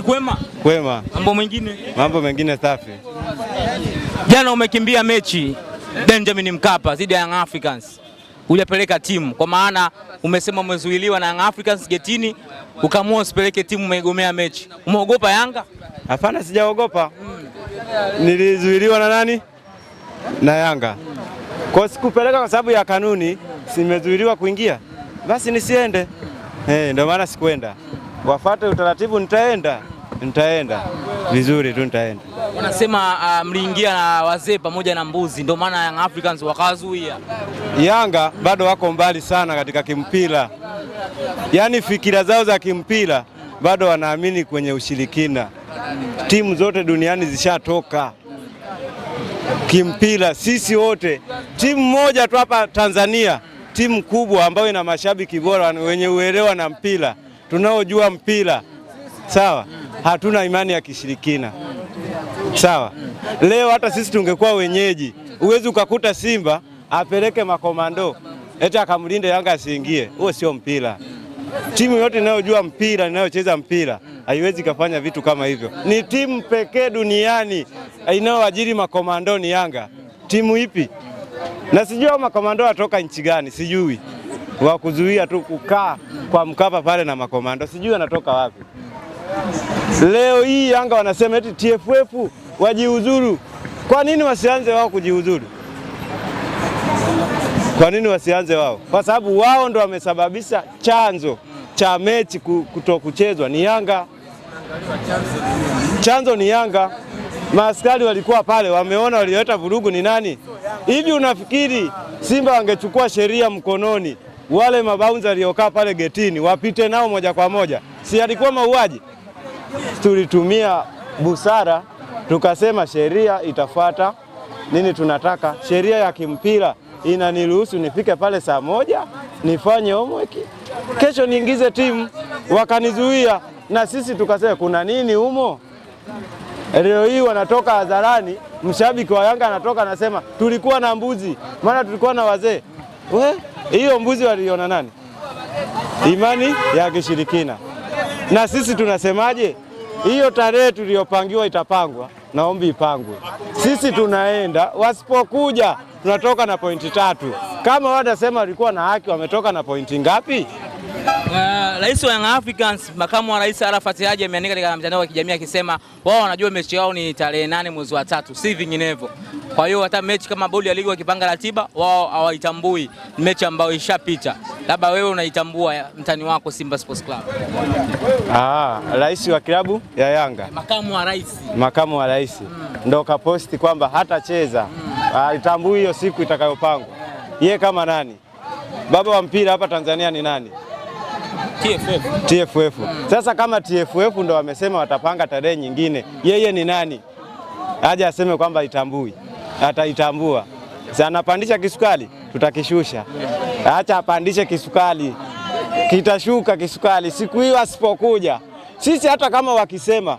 ni kwema kwema, mambo mengine mambo mengine safi. Jana umekimbia mechi Benjamin Mkapa dhidi ya Young Africans, hujapeleka timu kwa maana umesema umezuiliwa na Young Africans getini, ukaamua usipeleke timu, umeigomea mechi. Umeogopa Yanga? Hapana, sijaogopa. Hmm. Nilizuiliwa na nani? Na Yanga. Kwa sikupeleka kwa sababu ya kanuni, simezuiliwa kuingia, basi nisiende. Eh, hey, ndio maana sikuenda wafate utaratibu, nitaenda nitaenda vizuri tu, nitaenda. Unasema uh, mliingia na wazee pamoja na mbuzi, ndio maana Young Africans wakawazuia. Yanga bado wako mbali sana katika kimpira, yaani fikira zao za kimpira bado wanaamini kwenye ushirikina. Timu zote duniani zishatoka kimpira, sisi wote timu moja tu hapa Tanzania, timu kubwa ambayo ina mashabiki bora wenye uelewa na mpira tunaojua mpira sawa, hatuna imani ya kishirikina sawa. Leo hata sisi tungekuwa wenyeji, huwezi ukakuta Simba apeleke makomando eti akamlinde Yanga asiingie. Huo sio mpira. Timu yote inayojua mpira inayocheza mpira haiwezi kafanya vitu kama hivyo. Ni timu pekee duniani inayoajiri makomando ni Yanga. Timu ipi? Na sijui makomando atoka nchi gani, sijui wa kuzuia tu kukaa kwa Mkapa pale na makomando, sijui anatoka wapi. Leo hii Yanga wanasema eti TFF wajiuzuru. Kwa nini wasianze wao kujiuzuru? Kwa nini wasianze wao? Kwa sababu wao ndo wamesababisha chanzo cha mechi kuto kuchezwa ni Yanga, chanzo ni Yanga. Maaskari walikuwa pale, wameona walioleta vurugu ni nani. Hivi unafikiri Simba wangechukua sheria mkononi wale mabaunzi waliokaa pale getini wapite nao moja kwa moja, si alikuwa mauaji? Tulitumia busara, tukasema sheria itafuata nini tunataka. Sheria ya kimpira inaniruhusu nifike pale saa moja nifanye homework, kesho niingize timu. Wakanizuia na sisi tukasema kuna nini humo? Leo hii wanatoka hadharani, mshabiki wa Yanga anatoka anasema tulikuwa na mbuzi, maana tulikuwa na wazee we hiyo mbuzi waliona nani? Imani ya kishirikina. Na sisi tunasemaje? Hiyo tarehe tuliyopangiwa itapangwa, naombi ipangwe. Sisi tunaenda, wasipokuja tunatoka na pointi tatu. Kama wanasema walikuwa na haki, wametoka na pointi ngapi? Rais wa Young Africans makamu wa rais Arafat Haji ameandika katika mtandao ya kijamii akisema wao wanajua mechi yao ni tarehe nane mwezi wa tatu, si vinginevyo. Kwa hiyo hata mechi kama bodi ya ligi wakipanga ratiba, wao hawaitambui mechi ambayo ishapita, labda wewe unaitambua mtani wako Simba Sports Club. Ah, rais wa klabu ya Yanga, makamu wa rais, makamu wa rais mm. ndo kaposti kwamba hatacheza mm. aitambui hiyo siku itakayopangwa ye kama nani? Baba wa mpira hapa Tanzania ni nani? TFF. TFF. Mm. Sasa kama TFF ndo wamesema watapanga tarehe nyingine, yeye ni nani? Aje aseme kwamba itambui ataitambua. Si anapandisha kisukari, tutakishusha. Acha apandishe kisukari, kitashuka kisukari siku hiyo asipokuja. Sisi hata kama wakisema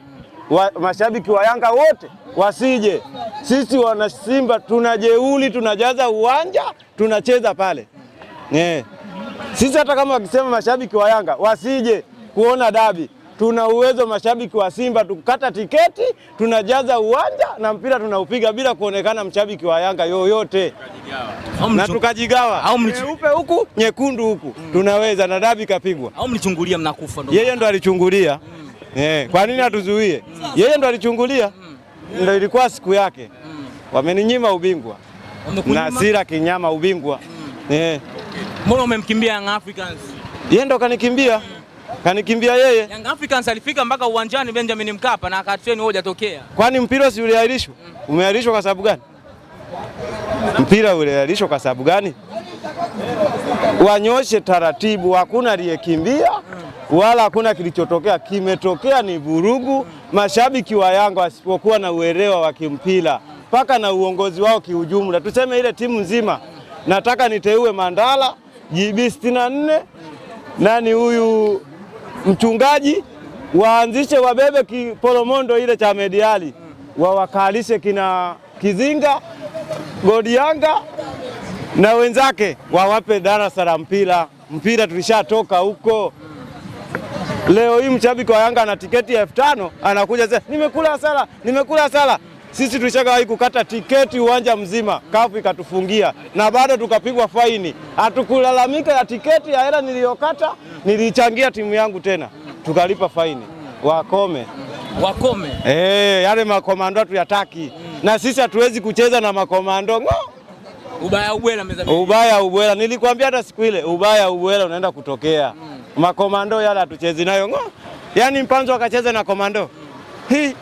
wa, mashabiki wa Yanga wote wasije, sisi wana Simba tunajeuli, tunajaza uwanja, tunacheza pale yeah. Sisi hata kama wakisema mashabiki wa Yanga wasije kuona dabi tuna uwezo mashabiki wa Simba tukata tiketi, tunajaza uwanja na mpira tunaupiga bila kuonekana mshabiki wa Yanga yoyote, na tukajigawa nyeupe huku nyekundu huku mm. tunaweza na dabi kapigwa. Mlichungulia mnakufa, ndio yeye ndo alichungulia mm. Yeah. Kwa nini atuzuie mm. yeye ndo alichungulia mm. ndo ilikuwa siku yake mm. wameninyima ubingwa na sira kinyama ubingwa mm. yeah. Mbona umemkimbia Young Africans? Yeye ndo kanikimbia mm kanikimbia yeye. Young Africans alifika mpaka uwanjani Benjamin Mkapa na akatreni hoja tokea. Kwani mpira si uliahirishwa? Mm. Umeahirishwa kwa sababu gani? Mpira uliahirishwa kwa sababu gani? Wanyoshe taratibu, hakuna aliyekimbia mm. wala hakuna kilichotokea. Kimetokea ni vurugu. Mm. Mashabiki wa Yanga wasipokuwa na uelewa wa kimpira mpaka na uongozi wao kiujumla, tuseme ile timu nzima. Mm. Nataka niteue Mandala, JB 64 nani huyu mchungaji waanzishe wabebe kiporomondo ile cha mediali hmm. wawakalishe kina Kizinga Godianga na wenzake wawape darasa la mpira. Mpira tulishatoka huko. Leo hii mshabiki wa Yanga ana tiketi ya elfu tano anakuja sasa, nimekula hasara, nimekula sala. Sisi tulishagawahi kukata tiketi uwanja mzima, kafu ikatufungia na bado tukapigwa faini. Hatukulalamika ya tiketi ya hela niliyokata, nilichangia timu yangu tena, tukalipa faini. Wakome wakome, eh, yale makomando hatuyataki, na sisi hatuwezi kucheza na makomando. Ubaya ubwela ubaya ubwela. Nilikwambia hata siku ile, ubaya ubwela unaenda kutokea. Makomando yale hatuchezi nayo Yaani mpanzo akacheza na komando hii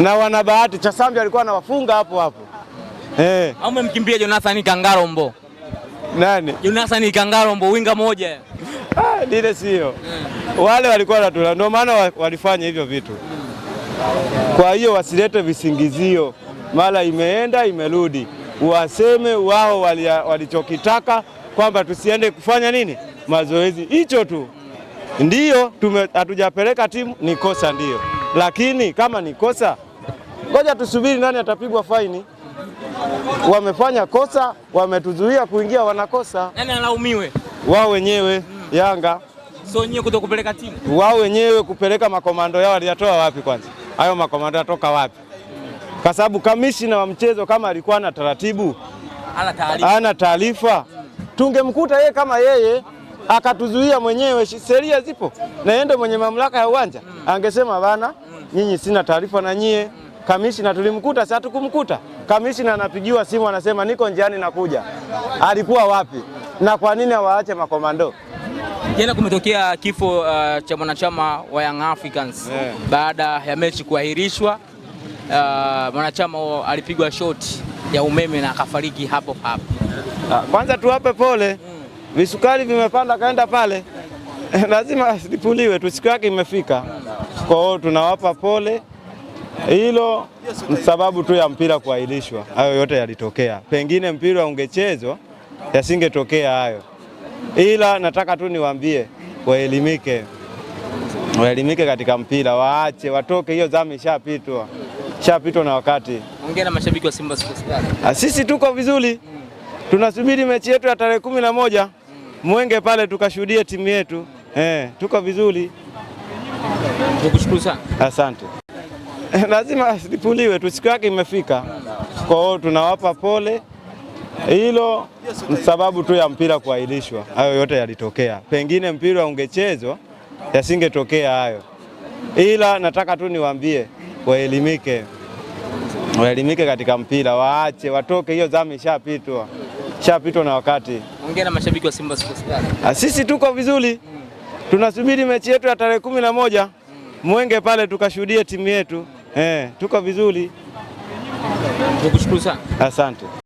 na wana bahati, Chasambi alikuwa anawafunga hapo hapo eh. Au mmkimbia Jonathan Kangarombo? Nani? Jonathan Kangarombo winga moja. Ah, dile sio Hmm. Wale walikuwa wanatula, ndio maana walifanya hivyo vitu. Kwa hiyo wasilete visingizio, mara imeenda imerudi, waseme wao walichokitaka wali kwamba tusiende kufanya nini mazoezi. Hicho tu ndio hatujapeleka timu, ni kosa ndio lakini kama ni kosa Ngoja tusubiri nani atapigwa faini. Wamefanya kosa, wametuzuia kuingia, wanakosa. Nani alaumiwe? Wao wenyewe mm. Yanga so nyewe kutokupeleka timu, wao wenyewe kupeleka makomando yao aliyatoa wapi? Kwanza hayo makomando yatoka wapi? Kwa sababu kamishina wa mchezo kama alikuwa na taratibu, ana taarifa, tungemkuta yeye kama yeye akatuzuia mwenyewe. Sheria zipo na mwenye mamlaka ya uwanja hmm. angesema bana, hmm. nyinyi sina taarifa na nyie kamishina tulimkuta, si hatukumkuta kamishina. Anapigiwa simu anasema niko njiani nakuja. Alikuwa wapi? Na kwa nini hawaache makomando? Jana kumetokea kifo uh, cha mwanachama wa Young Africans yeah, baada ya mechi kuahirishwa. Uh, mwanachama alipigwa shoti ya umeme na akafariki hapo hapo. Ah, kwanza tuwape pole, mm. visukari vimepanda kaenda pale, lazima lipuliwe tu, siku yake imefika. Mm. Kwa hiyo tunawapa pole hilo sababu tu ya mpira kuahirishwa, hayo yote yalitokea. Pengine mpira ungechezwa yasingetokea hayo, ila nataka tu niwaambie waelimike, waelimike katika mpira, waache watoke, hiyo zama ishapitwa, ishapitwa na wakati. Ongea na mashabiki wa Simba Sports Club. Ah, sisi tuko vizuri tunasubiri mechi yetu ya tarehe kumi na moja Mwenge pale tukashuhudie timu yetu Eh, tuko vizuri. Nikushukuru sana, asante. lazima lipuliwe tu, siku yake imefika. Kwa hiyo tunawapa pole, hilo sababu tu ya mpira kuahirishwa. Hayo yote yalitokea, pengine mpira ungechezwa yasingetokea hayo, ila nataka tu niwaambie waelimike, waelimike katika mpira, waache watoke, hiyo zamu ishapitwa, ishapitwa na wakati. Ongea na mashabiki wa Simba Sports Club. Ah, sisi tuko vizuri mm. tunasubiri mechi yetu ya tarehe kumi na moja Mwenge pale tukashuhudie timu yetu. Eh, tuko vizuri. Tukushukuru sana. Asante.